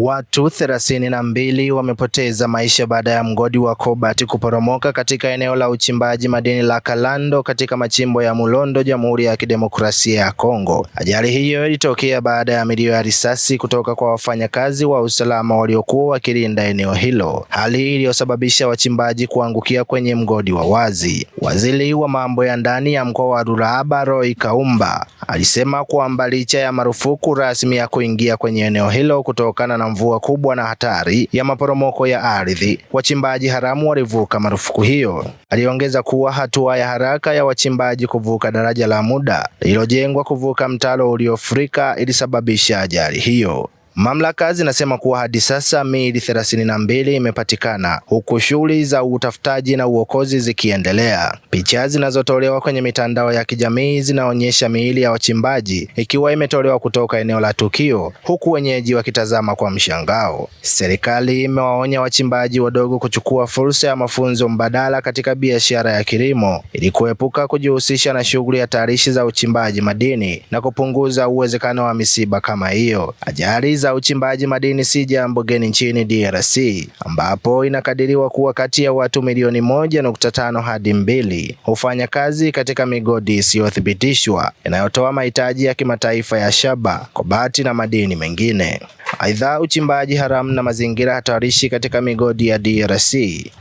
Watu 32 wamepoteza maisha baada ya mgodi wa cobalt kuporomoka katika eneo la uchimbaji madini la Kalando katika machimbo ya Mulondo, Jamhuri ya Kidemokrasia ya Kongo. Ajali hiyo ilitokea baada ya milio ya risasi kutoka kwa wafanyakazi wa usalama waliokuwa wakilinda eneo hilo, hali hii iliyosababisha wachimbaji kuangukia kwenye mgodi wa wazi. Waziri wa mambo ya ndani ya mkoa wa Ruraba, Roy Kaumba, alisema kwamba licha ya marufuku rasmi ya kuingia kwenye eneo hilo kutokana na na mvua kubwa na hatari ya maporomoko ya ardhi, wachimbaji haramu walivuka marufuku hiyo. Aliongeza kuwa hatua ya haraka ya wachimbaji kuvuka daraja la muda lililojengwa kuvuka mtalo uliofurika ilisababisha ajali hiyo. Mamlaka zinasema kuwa hadi sasa miili 32 imepatikana huku shughuli za utafutaji na uokozi zikiendelea. Picha zinazotolewa kwenye mitandao ya kijamii zinaonyesha miili ya wachimbaji ikiwa imetolewa kutoka eneo la tukio huku wenyeji wakitazama kwa mshangao. Serikali imewaonya wachimbaji wadogo kuchukua fursa ya mafunzo mbadala katika biashara ya kilimo ili kuepuka kujihusisha na shughuli hatarishi za uchimbaji madini na kupunguza uwezekano wa misiba kama hiyo. Ajali za uchimbaji madini si jambo geni nchini DRC ambapo inakadiriwa kuwa kati ya watu milioni moja nukta tano hadi mbili hufanya kazi katika migodi isiyothibitishwa inayotoa mahitaji ya kimataifa ya shaba, kobati na madini mengine. Aidha, uchimbaji haramu na mazingira hatarishi katika migodi ya DRC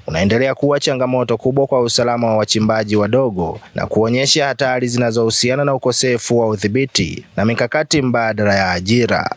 unaendelea kuwa changamoto kubwa kwa usalama wa wachimbaji wadogo na kuonyesha hatari zinazohusiana na ukosefu wa udhibiti na mikakati mbadala ya ajira.